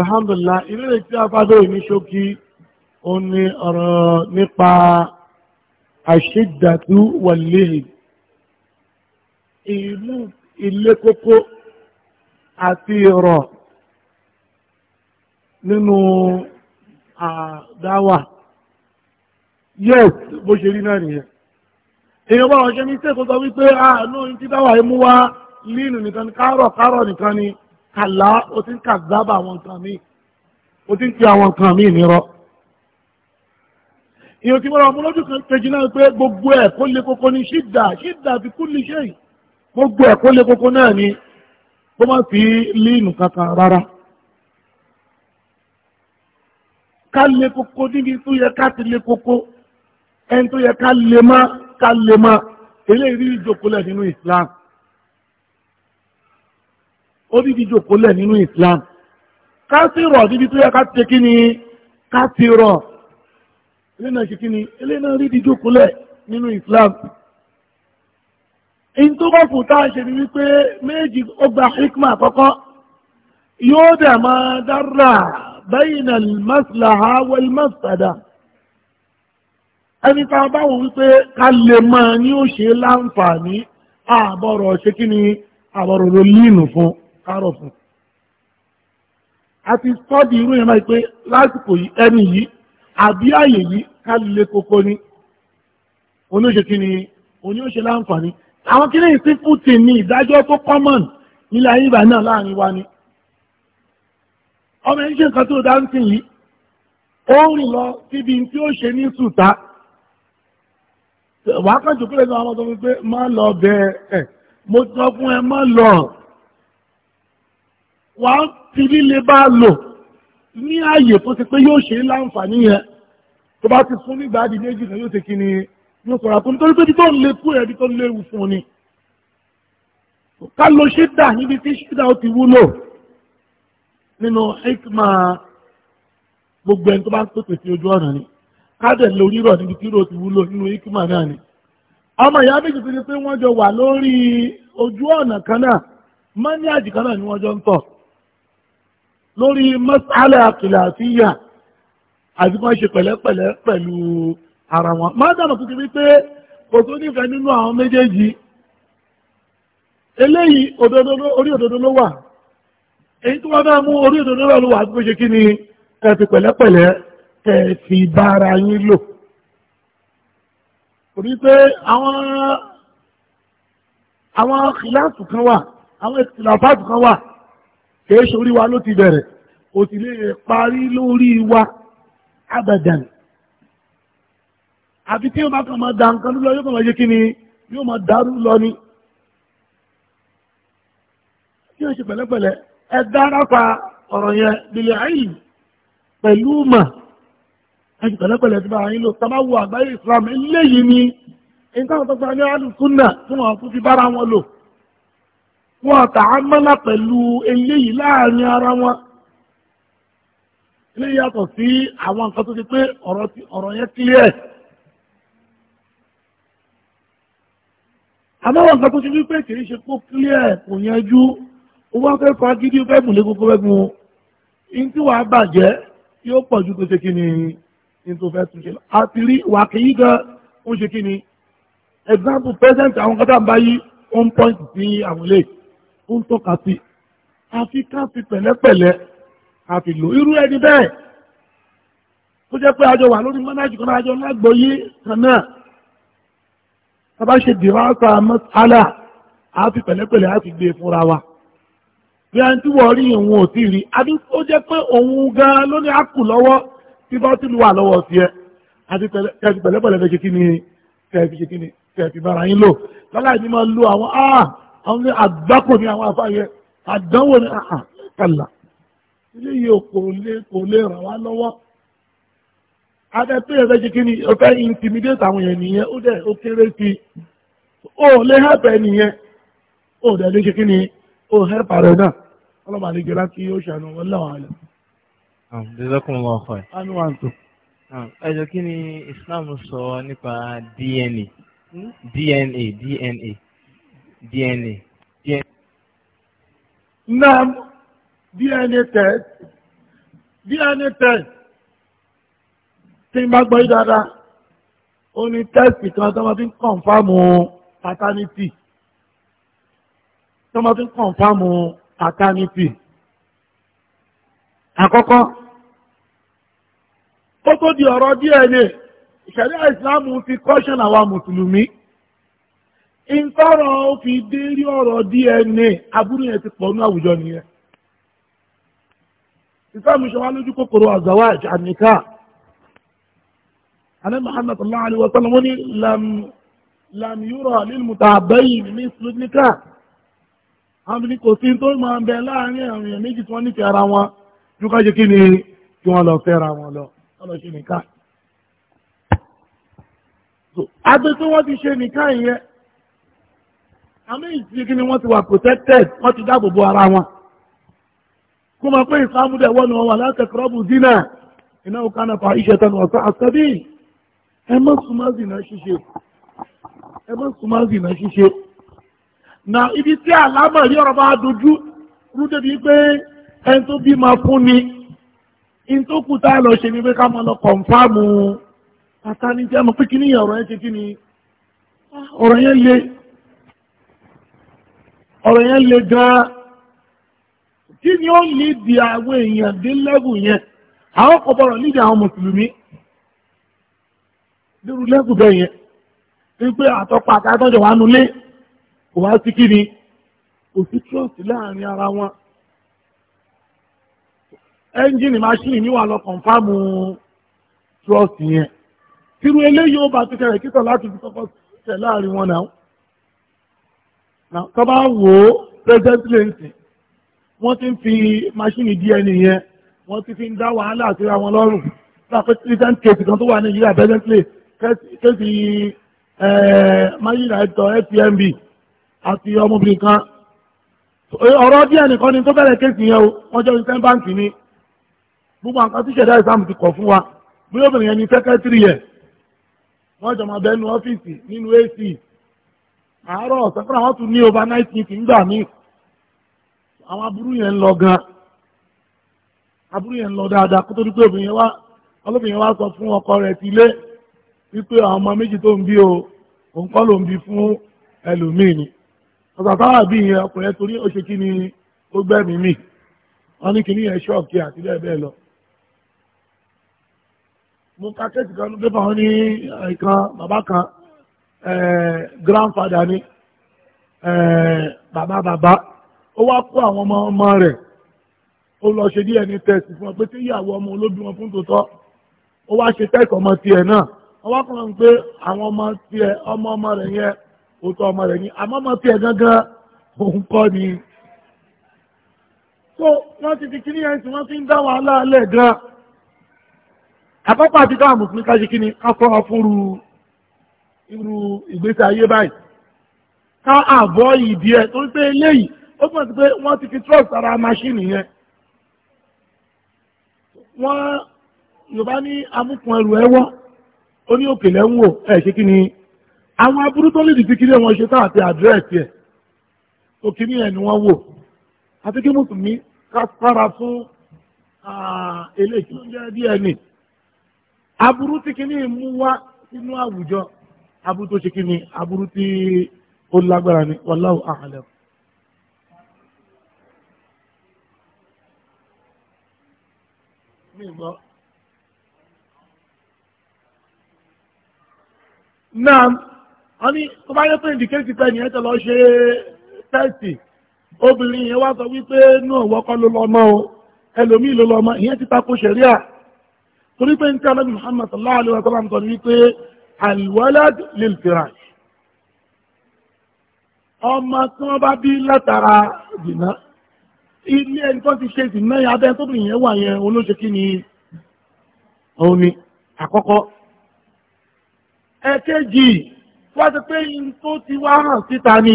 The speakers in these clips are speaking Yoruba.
alhamdulillah ìrírè tí a fádọ́ ìní ṣókí ó ní ọ̀rọ̀ nípa àṣídàtú wàléhì ìlú ilé kókó àti ìrọ̀ nínú àdáwà yes bó ṣe rí náà nìyẹn èèyàn bá wọn ṣe ní sẹ́kọ̀ọ́ sọ wípé àánú ah, ti dáwà imú wá líìnù nìkan ni kárọ̀ kárọ̀ nìkan ni kàlá ó ti ń kàzábà àwọn nǹkan míì ó ti ń pe àwọn nǹkan míì nírọ́ èyàn tí wọ́n mú lójú kejì náà pé gbogbo ẹ̀ kó lè kókó ní ṣídà ṣídà fi kú lè ṣe yìí gbogbo ẹ̀ kó lè kókó náà ni kó má fi líìnù kankan rárá. ká lè kókó níbi tó yẹ ká ti lè kókó ẹni tó yẹ ká lè má ká lè má eléyìí rí ìjókòó lẹ̀ nínú Islam ó ní ti jòkó lẹ̀ nínú Islam ká sì rọ̀ níbi tó yẹ ká ṣe kí ni ká sì rọ̀ eléyìí náà ṣe kí ni eléyìí náà rí ti jòkó lẹ̀ nínú Islam in tó bá fún táà ṣe ni wípé méjì ó hikma àkọ́kọ́ yóò dẹ̀ máa dára bayna al-maslaha wal-mafsada ẹni tá a bá wò wípé ká lè máa ní ó láǹfààní àbọ̀rọ̀ ṣe kí ni àbọ̀rọ̀ ló líìnù fún kárọ̀ fún. a ti sọ́ọ̀dì irú yẹn báyìí pé lásìkò ẹni yìí àbí àyè yìí ká lè koko ni oníṣe kí ni oníṣe láǹfààní. àwọn kí ni ìsìnkútì ní ìdájọ́ tó common nílẹ̀ ayé ìgbà náà láàrin wa ni. ọmọ ẹni ṣe nǹkan tó dá ń sìn yìí ó rìn lọ síbi tí ó ṣe ní sùtá wàá kàn jù pé lẹ́nu àwọn ọmọ tó fi pé má lọ bẹ́ẹ̀ mo sọ fún ẹ má lọ wà á fi líle bá lò ní ààyè tó ti pé yóò ṣe ti fún nígbà àdì méjì náà yóò ti kí ni yóò sọ̀rọ̀ àpò nítorí pé títọ́ lè kú ẹ̀rí tó léwu fún ni ká lo ṣídà níbi tí ṣídà ti wúlò nínú hikma gbogbo ẹni tó bá ń pèsè ojú ni ká dẹ̀ lo níbi tí ti wúlò nínú hikma náà ni ọmọ ìyá méjì ti pé wọ́n jọ wà lórí ojú ọ̀nà kan lórí mọ́sálà àkìlàfíyà àti kan ṣe pẹ̀lẹ́pẹ̀lẹ́ pẹ̀lú ara wọn máa dànà tó ti rí pé kò tó nífẹ̀ẹ́ nínú àwọn méjèèjì eléyìí òdodo orí òdodo ló wà èyí tó wọ́n bá mú orí òdodo ló wà tó ṣe kí ni kẹfì pẹ̀lẹ́pẹ̀lẹ́ kẹfì bára yín lò orí pé àwọn àwọn kìláàsù kan wà àwọn ìkìlàfáàsù kan wà kìí ṣorí wa ló ti bẹ̀rẹ̀ kò sì lè parí lórí wa abadan àfi tí yóò bá kàn máa da nǹkan lọ yóò kàn máa yé kí ni yóò máa dàrú lọ ni kí wọ́n ṣe pẹ̀lẹ́pẹ̀lẹ́ ẹ dára pa ọ̀rọ̀ yẹn lílẹ̀ ayì pẹ̀lú mà ẹ ṣe pẹ̀lẹ́pẹ̀lẹ́ tí bára yín lò tá bá wo àgbáyé Islam eléyìí ni nǹkan tó gba ní alùsùnà tí wọ́n fi bára wọn lò wọn àtàámọ́lá pẹ̀lú eléyìí láàrin ara wọn ilé yàtọ̀ sí àwọn nǹkan tó ti pé ọ̀rọ̀ yẹn clear àbáwọn nǹkan tó ti wípé kìí ṣe kó clear kò yanjú owó afẹ́ fagídí ó fẹ́ mú lé gbogbo ẹgbùn o tí wàá bàjẹ́ yóò pọ̀ ju tó ṣe kí ni in tó fẹ́ túnṣe àti rí wà kìí gan ó ṣe kí ni example present àwọn kọ́tà ń bá yí one point sí àwọn eléyìí ó ń tọ́ka sí àfi ká fi pẹ̀lẹ́pẹ̀lẹ́ àfi lò irú ẹni bẹ́ẹ̀ tó jẹ́ pé àjọ wà lórí mọ́nájì kan àjọ lágbóyé kan náà tàbá ṣe dìrọ́sà mọ́sálà àfi pẹ̀lẹ́pẹ̀lẹ́ àfi gbé e fúnra wa bí a ń tí wọ́n rí ìwọ̀n ò tí rí àbí ó jẹ́ pé òun gan-an ló ní àkù lọ́wọ́ tí bá tí wà lọ́wọ́ sí ẹ àti pẹ̀lẹ́pẹ̀lẹ́ fẹ́ ṣe kí ni kẹ́ẹ̀fì ṣe kí ni kẹ́ẹ̀fì bára yín lò lọ́la àwọn àgbákò ní àwọn afáyẹ àdánwò ní àkàlà ilé yìí kò lè kò lè ràn wá lọ́wọ́ adé tó yẹ fẹ́ ṣe kí ni o fẹ́ intimidate àwọn èèyàn nìyẹn ó dẹ̀ ó kéré sí i ó lè help ẹ nìyẹn ó dẹ̀ lè ṣe kí ni ó help rẹ náà ọlọ́mọ àlejò láti ó ṣàánú wọn láwọn àlẹ́. jazakumullahu khairan. anu wa n tó. ẹ jọ kí ni Islam sọ nípa DNA DNA DNA. DNA. DNA. Nam DNA test. DNA test. Tí n bá gbọ́ yí dáadáa, ó ní tẹ́sì kan tó máa fi ń kọ̀nfàmù paternity. Tó máa fi ń kọ̀nfàmù paternity. Àkọ́kọ́, ó tó di ọ̀rọ̀ DNA, ìṣẹ̀lẹ̀ ìsìlámù fi kọ́ṣọ́n àwa Mùsùlùmí ìtọ́rọ̀ fi dé rí ọ̀rọ̀ DNA aburú yẹn ti pọ̀ ní àwùjọ nìyẹn ìsáàmù ṣe wá lójú kòkòrò àzàwáj àníká àní Muhammad sallallahu alaihi wa sallam wọ́n ní lam yúrọ̀ lílmùtà àbẹ́yìn ní sùlùmíkà àwọn ní kò sí tó máa bẹ láàrin àwọn èèyàn méjì tí wọ́n nífẹ̀ẹ́ ara wọn ju ká ṣe kí ni kí wọ́n lọ fẹ́ra wọn lọ wọ́n lọ ṣe nìka. àti tí wọ́n ti ṣe nìka yẹn àmì ìsìnkí ni wọ́n ti wà protected wọ́n ti dáàbò bo ara wọn kó máa pé ìsìlámù dẹ̀ wọ́n wọn wà látẹ̀kọ́rọ́bù dínà iná òkà náà fàá iṣẹ́ tẹnu ọ̀sán àtẹ́bí ẹ má súnmọ́ zìnà ṣíṣe ẹ má súnmọ́ zìnà ṣíṣe na ibi tí àlámọ̀ rí ọ̀rọ̀ bá dojú rú débi pé ẹni tó bí máa fún ni in tó kù tá a lọ ṣe ni pé ká máa lọ kọ̀ǹfàmù àtàníjẹ́ mọ̀ pé kí ni ọ̀rọ̀ yẹn ṣe kí ni ọ̀rọ̀ yẹn le ọ̀rọ̀ yẹn le gan-an kí ni ó lè di àwọn èèyàn dé lẹ́bù yẹn àwọn kò bọ̀rọ̀ nídìí àwọn mùsùlùmí lérú lẹ́bù bẹ́ẹ̀ yẹn wípé àtọ́pá àtàtọ́jọ́ wa nulẹ̀ kò wá sí kí ni kò sí trust láàrin ara wọn ẹ́ńjìnì máṣíìnì mi wà lọ kọ̀ǹfàmù trust yẹn tírú eléyìí ó bá ti kẹrẹ̀ kíkọ̀ láti fi kọ́kọ́ tẹ̀ láàrin wọn náà tó bá wò ó present lẹ́ǹsì wọ́n ti ń fi máṣíìnì DNA yẹn wọ́n ti fi ń dá wàhálà àti ra wọn lọ́rùn láti present case kan tó wà ní Nàìjíríà present lay kéèsì máyìlá ẹ̀tọ́ FCMB àti ọmọbìnrin kan ọ̀rọ̀ díẹ̀ nìkan ni tó bẹ̀rẹ̀ kéèsì yẹn o wọ́n jẹ́ oníṣẹ́ báǹkì ni gbogbo nǹkan tí ṣẹ̀dá ìsáàmù ti kọ̀ fún wa bí obìnrin yẹn ni sẹ́kẹ́tìrì yẹn wọ́n jọ bẹ́ẹ̀ nu ọ́fíìsì nínú AC àárọ̀ ọ̀sán kọ́ra wọ́n tún ní overnight meeting ń gbà mí àwọn aburú yẹn ń lọ gan aburú yẹn ń lọ dáadáa kó tó di obìnrin wa olóbìnrin wa sọ fún ọkọ rẹ̀ ti lé wípé ọmọ méjì tó ń bí o òun kọ́ ló ń bí fún ẹlòmíì ni bí ọkùnrin torí ni ó gbẹ́mìí mì wọ́n ní kí ni yẹn ṣọ́ọ̀kì àti lọ mo ka kan kan Eh, grandfather ni baba baba ó wá kó àwọn ọmọ ọmọ rẹ ó lọ ṣe DNA test fún ọ pé tí ọmọ olóbi wọn fún tòótọ́ ó wá ṣe test ọmọ tiẹ̀ náà ó wá kọ́ ọ́n pé àwọn ọmọ tiẹ̀ ọmọ ọmọ rẹ yẹn ọmọ rẹ ni àmọ́ ọmọ tiẹ̀ gángan òun ni. so wọ́n ti fi kíní yẹn tí wọ́n fi ń dá wàhálà gan-an ká ṣe kíní ká irú ìgbésí ayé báyìí ká àbọ̀ ìdí ẹ̀ torí pé eléyìí ó fún ẹ̀sìn pé wọ́n ti fi trust ara maṣíìnì yẹn wọ́n yorùbá ní amúkun ẹrù ẹwọ́ ó ní òkè lẹ́wọ̀n ẹ̀ ṣe kí ni àwọn aburú tó lè dìtì kílé wọn ṣe tá àti àdírẹ́sì ẹ̀ òkè ní ẹ̀ ni wọ́n wò àti kí mùsùlùmí kára fún eléyìí tó ń jẹ́ DNA aburú tí kí ni mú wá sínú àwùjọ aburú tó ṣe kí ni aburú tí ó lágbára ni wallahu a'lam. náà wọ́n ní tó bá yẹ pé ìdíkẹ́sì pẹ́ nìyẹn tó lọ ṣe tẹ́sì obìnrin yẹn wá sọ wípé inú ọ̀wọ́ kọ́ ló lọ́mọ o ẹlòmíì ló lọ́mọ ìyẹn ti tako ṣẹ̀ríà torí pé ní tí alábi Muhammad sallallahu alaihi wa sallam sọ ní wípé الولد lil firash ọmọ tí wọ́n bá bí látara dìná ilé ẹni tó ti ṣe dìná yẹn abẹ́ tó bìyẹn wà yẹn olóṣè kí ni òun ni àkọ́kọ́ ẹ̀kejì wá ti pé in tó ti wá hàn síta ni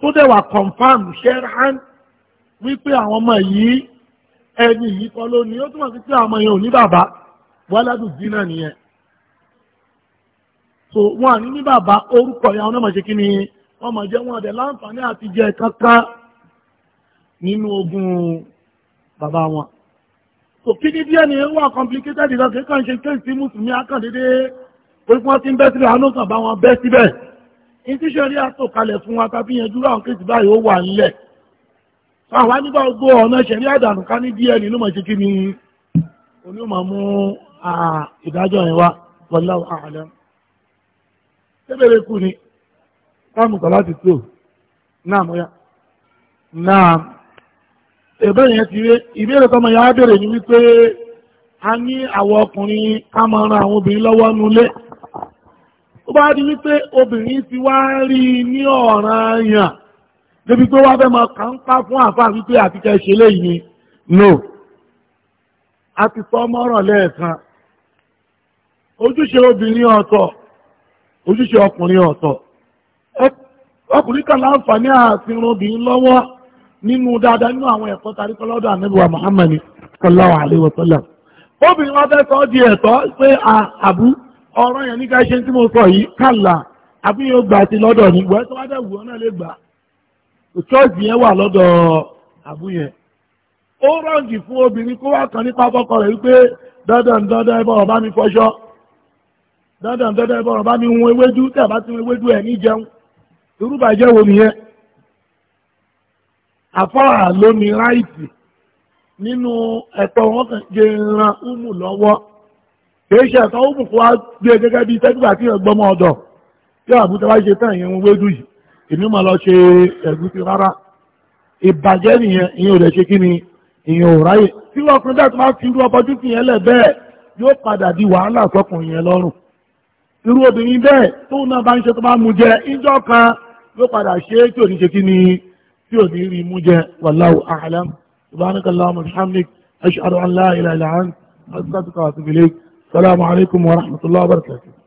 tó dẹ̀ wà confam sherhan wípé àwọn ọmọ yìí ẹni yìí kọ́ ló ó túmọ̀ sí pé àwọn ọmọ yẹn ò ní bàbá wàládùn dínà nìyẹn so wọn àní ní bàbá orúkọ ìyá wọn náà máa ṣe kí ni wọn máa jẹ wọn àdẹ láǹfààní àti jẹ kankan nínú ogún bàbá wọn. so kí ni díẹ̀ ni wà complicated ìlànà kankan ṣe kéèsì mùsùlùmí akàndédé orí wọn ti ń bẹ́ síbẹ̀ àánú kan bá wọn bẹ́ síbẹ̀ ìtíṣẹ́rí àtòkalẹ̀ fún wa tàbí yẹn dúró àwọn kéèsì báyìí ó wà nílẹ̀ àwọn nígbà gbogbo ọ̀nà ṣẹ̀rí àdànù ká ní díẹ̀ nínú mọ̀ ṣe kí ni onímọ̀ mú ìdájọ́ yẹn wá wallahu a'lam tẹ́bẹ̀rẹ̀ kù ni táàmù kan láti tó náà mọ́yá náà ẹ̀bẹ́ yẹn ti ré ìbéèrè tọmọ ya bẹ̀rẹ̀ ni wípé a ní àwọn ọkùnrin ká máa ran àwọn obìnrin lọ́wọ́ nulẹ̀ ó bá di wípé obìnrin ti wá rí i ní ọ̀ràn yàn débi pé wá fẹ́ máa kà fún àfáà wípé àtikẹ́ ṣe léyìí no a ti sọ mọ́rọ̀ lẹ́ẹ̀kan ojúṣe obìnrin ọ̀tọ̀ ojúṣe ọkùnrin ọ̀tọ̀ ọkùnrin kan láǹfààní àfihàn obìnrin lọ́wọ́ nínú dáadáa nínú àwọn ẹ̀kọ́ taríkọ́ lọ́dọ̀ ànábìwá Muhammad sallallahu alaihi wasallam obìnrin wọn fẹ́ sọ ọ́ di ẹ̀tọ́ pé àbú ọ̀rọ̀ yẹn ní ká ṣe tí mo sọ yìí kàlà àbí yóò gbà sí lọ́dọ̀ ní ìwẹ́ tó wá dẹ̀ wù ọ́ náà lè gbà ṣọ́ọ̀ṣì yẹn wà lọ́dọ̀ àbú yẹn ó rọ̀ǹgì fún obìnrin kó wá kan nípa bọ́kọ rẹ̀ wípé dandan dandan ẹ bọ̀ ọ̀bá mi fọṣọ dandan dandan ẹ bọ̀rọ̀ bá mi hun ewédú tẹ̀ bá ti hun ewédú ẹ̀ ní jẹun irúbàjẹ́ wo nìyẹn àfáà lómi ráìtì nínú ẹ̀tọ́ wọn kàn jẹ ìran umu lọ́wọ́ kìí ṣe ẹ̀tọ́ umu kó wá gbé gẹ́gẹ́ bíi tẹ́gbà tí yẹn gbọ́mọ ọ̀dọ̀ tí àwọn àbúté wá ṣe tán ìyẹn hun ewédú yìí èmi máa lọ ṣe ẹ̀gúsí rárá ìbàjẹ́ nìyẹn ìyẹn ò dẹ̀ ṣe kí ni ìyẹn ò ráyè tí wọ́n fún dẹ́tù máa fi irú ọbọ̀dún di wàhálà sọkùnrin yẹn irú obìnrin bẹ́ẹ̀ tóun náà bá ń ṣe tó bá mú jẹ ìjọ kan ló padà ṣe é tí ò ní ṣe kí ni tí ò ní rí mú jẹ wallahu a'lam subhanaka allahumma bihamdik ashhadu an la ilaha illa anta astaghfiruka wa atubu ilayk alaykum wa rahmatullahi wa barakatuh